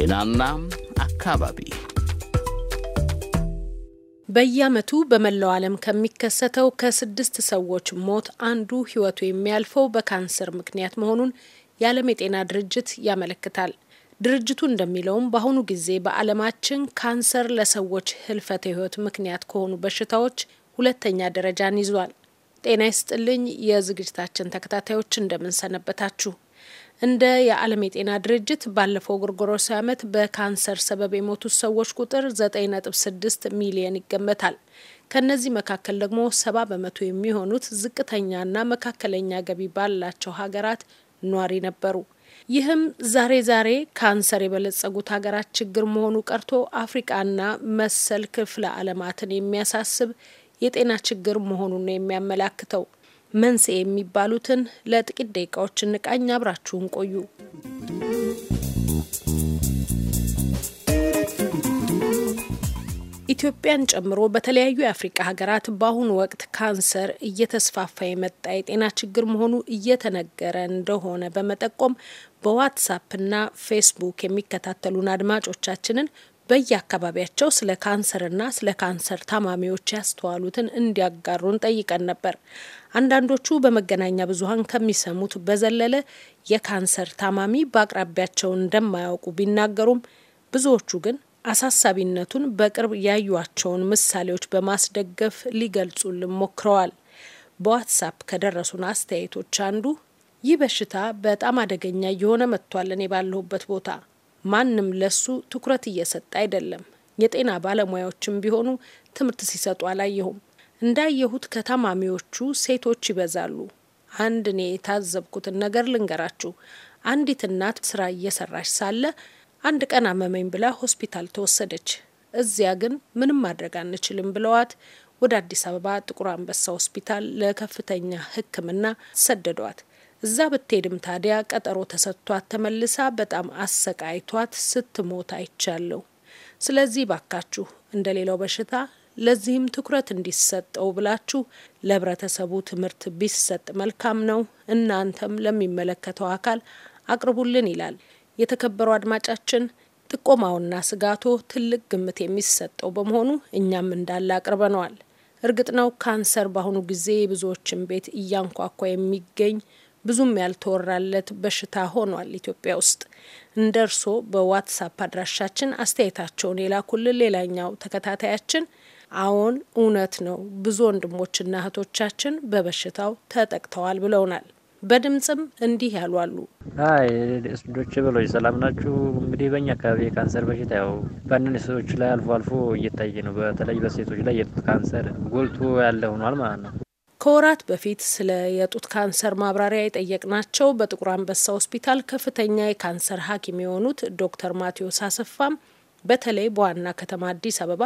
ጤናና አካባቢ በየዓመቱ በመላው ዓለም ከሚከሰተው ከስድስት ሰዎች ሞት አንዱ ሕይወቱ የሚያልፈው በካንሰር ምክንያት መሆኑን የዓለም የጤና ድርጅት ያመለክታል። ድርጅቱ እንደሚለውም በአሁኑ ጊዜ በዓለማችን ካንሰር ለሰዎች ህልፈተ ህይወት ምክንያት ከሆኑ በሽታዎች ሁለተኛ ደረጃን ይዟል። ጤና ይስጥልኝ የዝግጅታችን ተከታታዮች እንደምንሰነበታችሁ። እንደ የዓለም የጤና ድርጅት ባለፈው ጎርጎሮሳ ዓመት በካንሰር ሰበብ የሞቱት ሰዎች ቁጥር 9.6 ሚሊየን ይገመታል። ከነዚህ መካከል ደግሞ ሰባ በመቶ የሚሆኑት ዝቅተኛና መካከለኛ ገቢ ባላቸው ሀገራት ኗሪ ነበሩ። ይህም ዛሬ ዛሬ ካንሰር የበለጸጉት ሀገራት ችግር መሆኑ ቀርቶ አፍሪቃና መሰል ክፍለ ዓለማትን የሚያሳስብ የጤና ችግር መሆኑን ነው የሚያመላክተው። መንስኤ የሚባሉትን ለጥቂት ደቂቃዎች እንቃኝ። አብራችሁን ቆዩ። ኢትዮጵያን ጨምሮ በተለያዩ የአፍሪቃ ሀገራት በአሁኑ ወቅት ካንሰር እየተስፋፋ የመጣ የጤና ችግር መሆኑ እየተነገረ እንደሆነ በመጠቆም በዋትሳፕና ፌስቡክ የሚከታተሉን አድማጮቻችንን በየአካባቢያቸው ስለ ካንሰርና ስለ ካንሰር ታማሚዎች ያስተዋሉትን እንዲያጋሩን ጠይቀን ነበር። አንዳንዶቹ በመገናኛ ብዙኃን ከሚሰሙት በዘለለ የካንሰር ታማሚ በአቅራቢያቸው እንደማያውቁ ቢናገሩም ብዙዎቹ ግን አሳሳቢነቱን በቅርብ ያዩቸውን ምሳሌዎች በማስደገፍ ሊገልጹልን ሞክረዋል። በዋትሳፕ ከደረሱን አስተያየቶች አንዱ ይህ በሽታ በጣም አደገኛ እየሆነ መጥቷል። እኔ ባለሁበት ቦታ ማንም ለሱ ትኩረት እየሰጠ አይደለም። የጤና ባለሙያዎችም ቢሆኑ ትምህርት ሲሰጡ አላየሁም። እንዳየሁት ከታማሚዎቹ ሴቶች ይበዛሉ። አንድ እኔ የታዘብኩትን ነገር ልንገራችሁ። አንዲት እናት ስራ እየሰራች ሳለ አንድ ቀን አመመኝ ብላ ሆስፒታል ተወሰደች። እዚያ ግን ምንም ማድረግ አንችልም ብለዋት ወደ አዲስ አበባ ጥቁር አንበሳ ሆስፒታል ለከፍተኛ ሕክምና ሰደዷት። እዛ ብትሄድም ታዲያ ቀጠሮ ተሰጥቷት ተመልሳ በጣም አሰቃይቷት ስትሞት አይቻለሁ። ስለዚህ ባካችሁ እንደ በሽታ ለዚህም ትኩረት እንዲሰጠው ብላችሁ ለህብረተሰቡ ትምህርት ቢሰጥ መልካም ነው። እናንተም ለሚመለከተው አካል አቅርቡልን ይላል። የተከበሩ አድማጫችን ጥቆማውና ስጋቶ ትልቅ ግምት የሚሰጠው በመሆኑ እኛም እንዳለ አቅርበነዋል። እርግጥ ነው ካንሰር በአሁኑ ጊዜ የብዙዎችን ቤት እያንኳኳ የሚገኝ ብዙም ያልተወራለት በሽታ ሆኗል ኢትዮጵያ ውስጥ። እንደ እርስዎ በዋትሳፕ አድራሻችን አስተያየታቸውን የላኩልን ሌላኛው ተከታታያችን አዎን እውነት ነው፣ ብዙ ወንድሞችና እህቶቻችን በበሽታው ተጠቅተዋል ብለውናል። በድምፅም እንዲህ ያሉ አሉ። አይ ዶች ብሎች ሰላም ናችሁ? እንግዲህ በእኛ አካባቢ የካንሰር በሽታ ያው በአንዳንድ ሰዎች ላይ አልፎ አልፎ እየታየ ነው። በተለይ በሴቶች ላይ የጡት ካንሰር ጎልቶ ያለ ሆኗል ማለት ነው። ከወራት በፊት ስለ የጡት ካንሰር ማብራሪያ የጠየቅናቸው በጥቁር አንበሳ ሆስፒታል ከፍተኛ የካንሰር ሐኪም የሆኑት ዶክተር ማቴዎስ አሰፋም በተለይ በዋና ከተማ አዲስ አበባ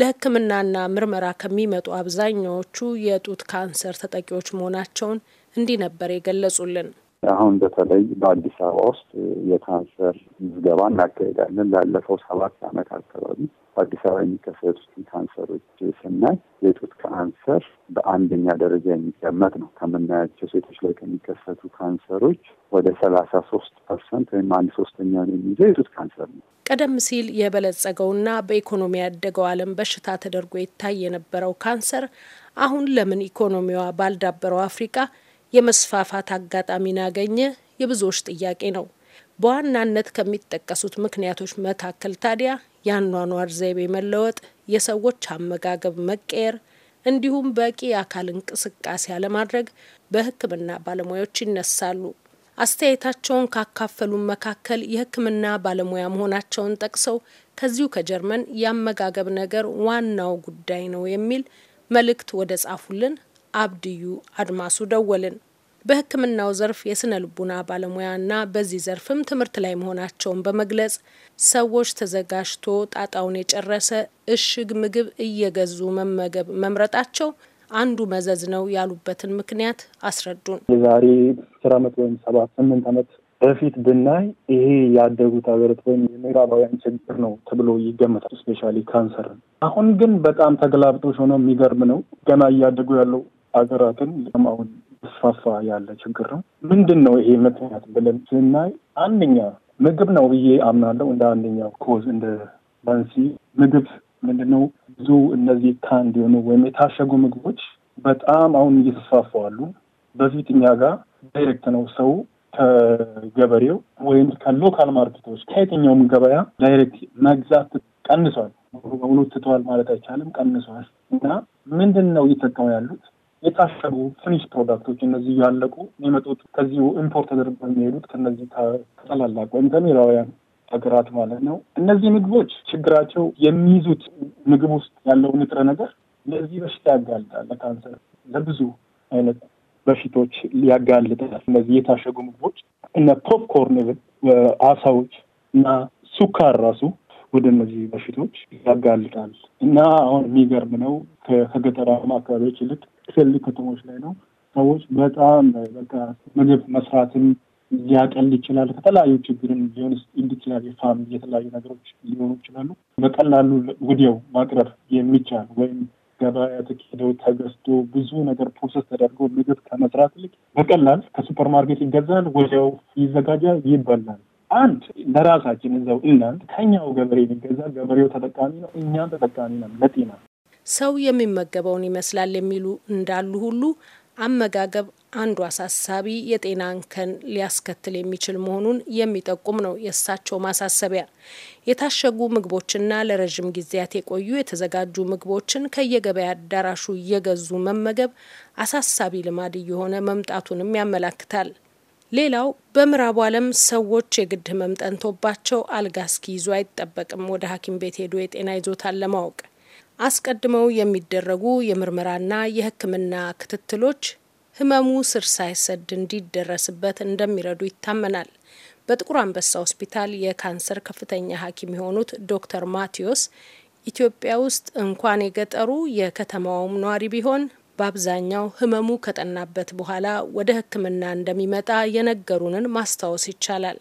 ለሕክምናና ምርመራ ከሚመጡ አብዛኛዎቹ የጡት ካንሰር ተጠቂዎች መሆናቸውን እንዲህ ነበር የገለጹልን። አሁን በተለይ በአዲስ አበባ ውስጥ የካንሰር ምዝገባ እናካሄዳለን ላለፈው ሰባት ዓመት አካባቢ በአዲስ አበባ የሚከሰቱትን ካንሰሮች ስናይ የጡት ካንሰር በአንደኛ ደረጃ የሚቀመጥ ነው። ከምናያቸው ሴቶች ላይ ከሚከሰቱ ካንሰሮች ወደ ሰላሳ ሶስት ፐርሰንት ወይም አንድ ነው የሚይዘው የጡት ካንሰር ነው። ቀደም ሲል የበለጸገውና በኢኮኖሚ ያደገው ዓለም በሽታ ተደርጎ ይታይ የነበረው ካንሰር አሁን ለምን ኢኮኖሚዋ ባልዳበረው አፍሪቃ የመስፋፋት አጋጣሚን አገኘ? የብዙዎች ጥያቄ ነው። በዋናነት ከሚጠቀሱት ምክንያቶች መካከል ታዲያ የአኗኗር ዘይቤ መለወጥ፣ የሰዎች አመጋገብ መቀየር እንዲሁም በቂ የአካል እንቅስቃሴ አለማድረግ በሕክምና ባለሙያዎች ይነሳሉ። አስተያየታቸውን ካካፈሉን መካከል የሕክምና ባለሙያ መሆናቸውን ጠቅሰው ከዚሁ ከጀርመን የአመጋገብ ነገር ዋናው ጉዳይ ነው የሚል መልእክት ወደ ጻፉልን አብድዩ አድማሱ ደወልን። በሕክምናው ዘርፍ የስነ ልቡና ባለሙያና በዚህ ዘርፍም ትምህርት ላይ መሆናቸውን በመግለጽ ሰዎች ተዘጋጅቶ ጣጣውን የጨረሰ እሽግ ምግብ እየገዙ መመገብ መምረጣቸው አንዱ መዘዝ ነው ያሉበትን ምክንያት አስረዱን። የዛሬ አስር አመት ወይም ሰባት ስምንት አመት በፊት ብናይ ይሄ ያደጉት ሀገራት ወይም የምዕራባውያን ችግር ነው ተብሎ ይገመታል። ስፔሻሊ ካንሰር። አሁን ግን በጣም ተገላብጦች ሆነው የሚገርም ነው ገና እያደጉ ያለው ሀገራትን አሁን እየተስፋፋ ያለ ችግር ነው። ምንድን ነው ይሄ ምክንያት ብለን ስናይ አንደኛ ምግብ ነው ብዬ አምናለሁ። እንደ አንደኛው ኮዝ እንደ መንሲ ምግብ ምንድነው ብዙ እነዚህ ካንድ የሆኑ ወይም የታሸጉ ምግቦች በጣም አሁን እየተስፋፉ አሉ። በፊት እኛ ጋር ዳይሬክት ነው ሰው ከገበሬው ወይም ከሎካል ማርኬቶች ከየትኛውም ገበያ ዳይሬክት መግዛት ቀንሷል። በሙሉ ትተዋል ማለት አይቻልም፣ ቀንሷል። እና ምንድን ነው እየተጠቀሙ ያሉት የታሸጉ ፊኒሽ ፕሮዳክቶች እነዚህ ያለቁ የሚመጡት ከዚሁ ኢምፖርት ተደርገው የሚሄዱት ከነዚህ ከታላላቅ ወይም ከምዕራባውያን ሀገራት ማለት ነው። እነዚህ ምግቦች ችግራቸው የሚይዙት ምግብ ውስጥ ያለው ንጥረ ነገር ለዚህ በሽታ ያጋልጣል። ለካንሰር፣ ለብዙ አይነት በሽቶች ያጋልጣል። እነዚህ የታሸጉ ምግቦች እነ ፖፕኮርን፣ አሳዎች እና ሱካር ራሱ ወደ እነዚህ በሽቶች ያጋልጣል እና አሁን የሚገርም ነው ከገጠራማ አካባቢዎች ይልቅ ትልልቅ ከተሞች ላይ ነው። ሰዎች በጣም በቃ ምግብ መስራትን ሊያቀል ይችላል። ከተለያዩ ችግርን ሊሆን ይችላል። የፋም የተለያዩ ነገሮች ሊሆኑ ይችላሉ። በቀላሉ ወዲያው ማቅረብ የሚቻል ወይም ገበያ ተኪደው ተገዝቶ ብዙ ነገር ፕሮሰስ ተደርጎ ምግብ ከመስራት ይልቅ በቀላል ከሱፐር ማርኬት ይገዛል፣ ወዲያው ይዘጋጃል፣ ይበላል። አንድ ለራሳችን እዛው እናንት ከኛው ገበሬ የሚገዛ ገበሬው ተጠቃሚ ነው፣ እኛም ተጠቃሚ ነው ለጤና ሰው የሚመገበውን ይመስላል የሚሉ እንዳሉ ሁሉ አመጋገብ አንዱ አሳሳቢ የጤና እንከን ሊያስከትል የሚችል መሆኑን የሚጠቁም ነው የእሳቸው ማሳሰቢያ። የታሸጉ ምግቦችና ለረዥም ጊዜያት የቆዩ የተዘጋጁ ምግቦችን ከየገበያ አዳራሹ እየገዙ መመገብ አሳሳቢ ልማድ እየሆነ መምጣቱንም ያመላክታል። ሌላው በምዕራቡ ዓለም ሰዎች የግድ ህመም ጠንቶባቸው አልጋ እስኪይዙ አይጠበቅም ወደ ሐኪም ቤት ሄዶ የጤና ይዞታን ለማወቅ አስቀድመው የሚደረጉ የምርመራና የሕክምና ክትትሎች ህመሙ ስር ሳይሰድ እንዲደረስበት እንደሚረዱ ይታመናል። በጥቁር አንበሳ ሆስፒታል የካንሰር ከፍተኛ ሐኪም የሆኑት ዶክተር ማቴዎስ ኢትዮጵያ ውስጥ እንኳን የገጠሩ የከተማውም ነዋሪ ቢሆን በአብዛኛው ህመሙ ከጠናበት በኋላ ወደ ህክምና እንደሚመጣ የነገሩንን ማስታወስ ይቻላል።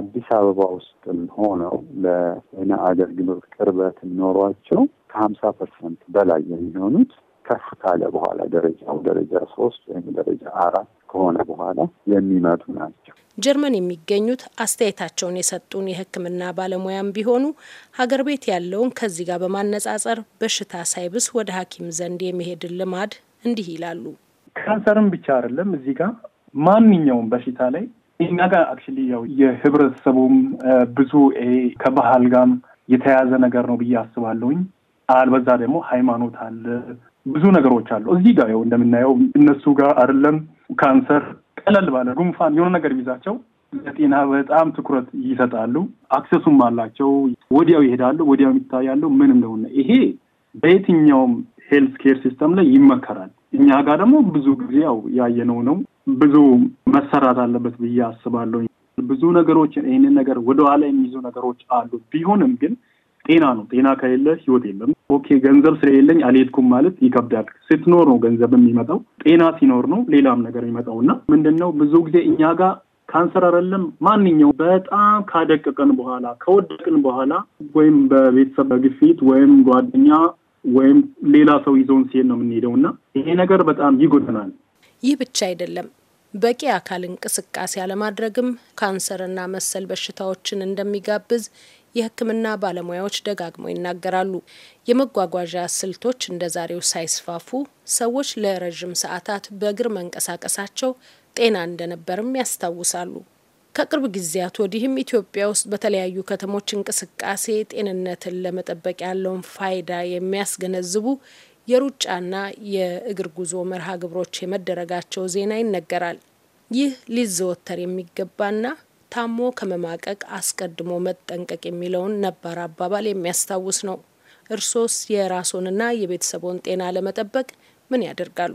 አዲስ አበባ ውስጥም ሆነው ለጤና አገልግሎት ቅርበት ኖሯቸው ከሀምሳ ፐርሰንት በላይ የሚሆኑት ከፍ ካለ በኋላ ደረጃው ደረጃ ሶስት ወይም ደረጃ አራት ከሆነ በኋላ የሚመጡ ናቸው። ጀርመን የሚገኙት አስተያየታቸውን የሰጡን የሕክምና ባለሙያም ቢሆኑ ሀገር ቤት ያለውን ከዚህ ጋር በማነጻጸር በሽታ ሳይብስ ወደ ሐኪም ዘንድ የመሄድን ልማድ እንዲህ ይላሉ። ካንሰርም ብቻ አይደለም እዚህ ጋር ማንኛውም በሽታ ላይ እኛ ጋር አክቹዋሊ ያው የህብረተሰቡም ብዙ ከባህል ጋርም የተያያዘ ነገር ነው ብዬ አስባለሁኝ። አልበዛ ደግሞ ሃይማኖት አለ፣ ብዙ ነገሮች አሉ። እዚህ ጋር ያው እንደምናየው እነሱ ጋር አይደለም ካንሰር ቀለል ባለ ጉንፋን የሆነ ነገር ቢዛቸው ለጤና በጣም ትኩረት ይሰጣሉ። አክሰሱም አላቸው። ወዲያው ይሄዳሉ፣ ወዲያው ይታያሉ ምን እንደሆነ። ይሄ በየትኛውም ሄልት ኬር ሲስተም ላይ ይመከራል። እኛ ጋር ደግሞ ብዙ ጊዜ ያው ያየነው ነው። ብዙ መሰራት አለበት ብዬ አስባለሁ። ብዙ ነገሮች ይህንን ነገር ወደኋላ የሚይዙ ነገሮች አሉ። ቢሆንም ግን ጤና ነው። ጤና ከሌለ ህይወት የለም። ኦኬ ገንዘብ ስለሌለኝ አልሄድኩም ማለት ይከብዳል። ስትኖር ነው ገንዘብ የሚመጣው፣ ጤና ሲኖር ነው ሌላም ነገር የሚመጣው እና ምንድን ነው ብዙ ጊዜ እኛ ጋር ካንሰር አይደለም ማንኛውም በጣም ካደቀቀን በኋላ ከወደቅን በኋላ ወይም በቤተሰብ በግፊት ወይም ጓደኛ ወይም ሌላ ሰው ይዞን ሲሄድ ነው የምንሄደው እና ይሄ ነገር በጣም ይጎዳናል። ይህ ብቻ አይደለም። በቂ አካል እንቅስቃሴ አለማድረግም ካንሰርና መሰል በሽታዎችን እንደሚጋብዝ የሕክምና ባለሙያዎች ደጋግመው ይናገራሉ። የመጓጓዣ ስልቶች እንደ ዛሬው ሳይስፋፉ ሰዎች ለረዥም ሰዓታት በእግር መንቀሳቀሳቸው ጤና እንደነበርም ያስታውሳሉ። ከቅርብ ጊዜያት ወዲህም ኢትዮጵያ ውስጥ በተለያዩ ከተሞች እንቅስቃሴ ጤንነትን ለመጠበቅ ያለውን ፋይዳ የሚያስገነዝቡ የሩጫና የእግር ጉዞ መርሃ ግብሮች የመደረጋቸው ዜና ይነገራል። ይህ ሊዘወተር የሚገባና ታሞ ከመማቀቅ አስቀድሞ መጠንቀቅ የሚለውን ነባር አባባል የሚያስታውስ ነው። እርሶስ የራስዎንና የቤተሰቦን ጤና ለመጠበቅ ምን ያደርጋሉ?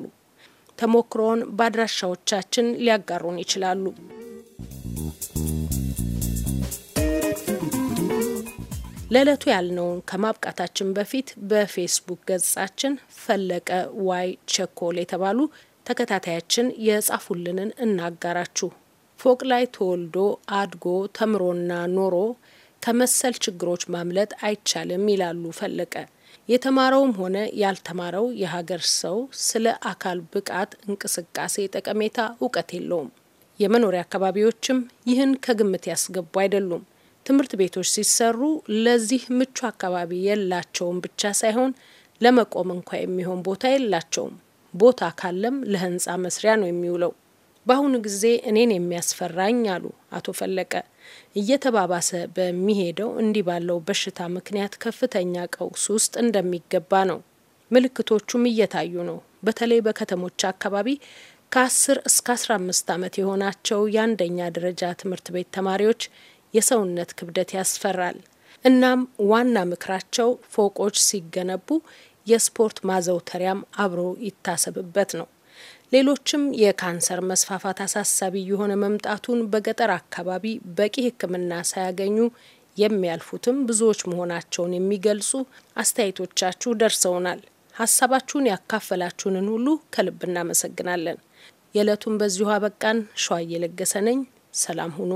ተሞክሮውን በአድራሻዎቻችን ሊያጋሩን ይችላሉ። ለዕለቱ ያልነውን ከማብቃታችን በፊት በፌስቡክ ገጻችን ፈለቀ ዋይ ቸኮል የተባሉ ተከታታያችን የጻፉልንን እናጋራችሁ። ፎቅ ላይ ተወልዶ አድጎ ተምሮና ኖሮ ከመሰል ችግሮች ማምለጥ አይቻልም ይላሉ ፈለቀ። የተማረውም ሆነ ያልተማረው የሀገር ሰው ስለ አካል ብቃት እንቅስቃሴ ጠቀሜታ እውቀት የለውም። የመኖሪያ አካባቢዎችም ይህን ከግምት ያስገቡ አይደሉም። ትምህርት ቤቶች ሲሰሩ ለዚህ ምቹ አካባቢ የላቸውም ብቻ ሳይሆን ለመቆም እንኳ የሚሆን ቦታ የላቸውም። ቦታ ካለም ለህንፃ መስሪያ ነው የሚውለው። በአሁኑ ጊዜ እኔን የሚያስፈራኝ አሉ አቶ ፈለቀ እየተባባሰ በሚሄደው እንዲህ ባለው በሽታ ምክንያት ከፍተኛ ቀውስ ውስጥ እንደሚገባ ነው። ምልክቶቹም እየታዩ ነው። በተለይ በከተሞች አካባቢ ከ10 እስከ 15 ዓመት የሆናቸው የአንደኛ ደረጃ ትምህርት ቤት ተማሪዎች የሰውነት ክብደት ያስፈራል። እናም ዋና ምክራቸው ፎቆች ሲገነቡ የስፖርት ማዘውተሪያም አብሮ ይታሰብበት ነው። ሌሎችም የካንሰር መስፋፋት አሳሳቢ የሆነ መምጣቱን በገጠር አካባቢ በቂ ሕክምና ሳያገኙ የሚያልፉትም ብዙዎች መሆናቸውን የሚገልጹ አስተያየቶቻችሁ ደርሰውናል። ሀሳባችሁን ያካፈላችሁንን ሁሉ ከልብ እናመሰግናለን። የዕለቱን በዚሁ አበቃን። ሸዋ እየለገሰ ነኝ። ሰላም ሁኑ።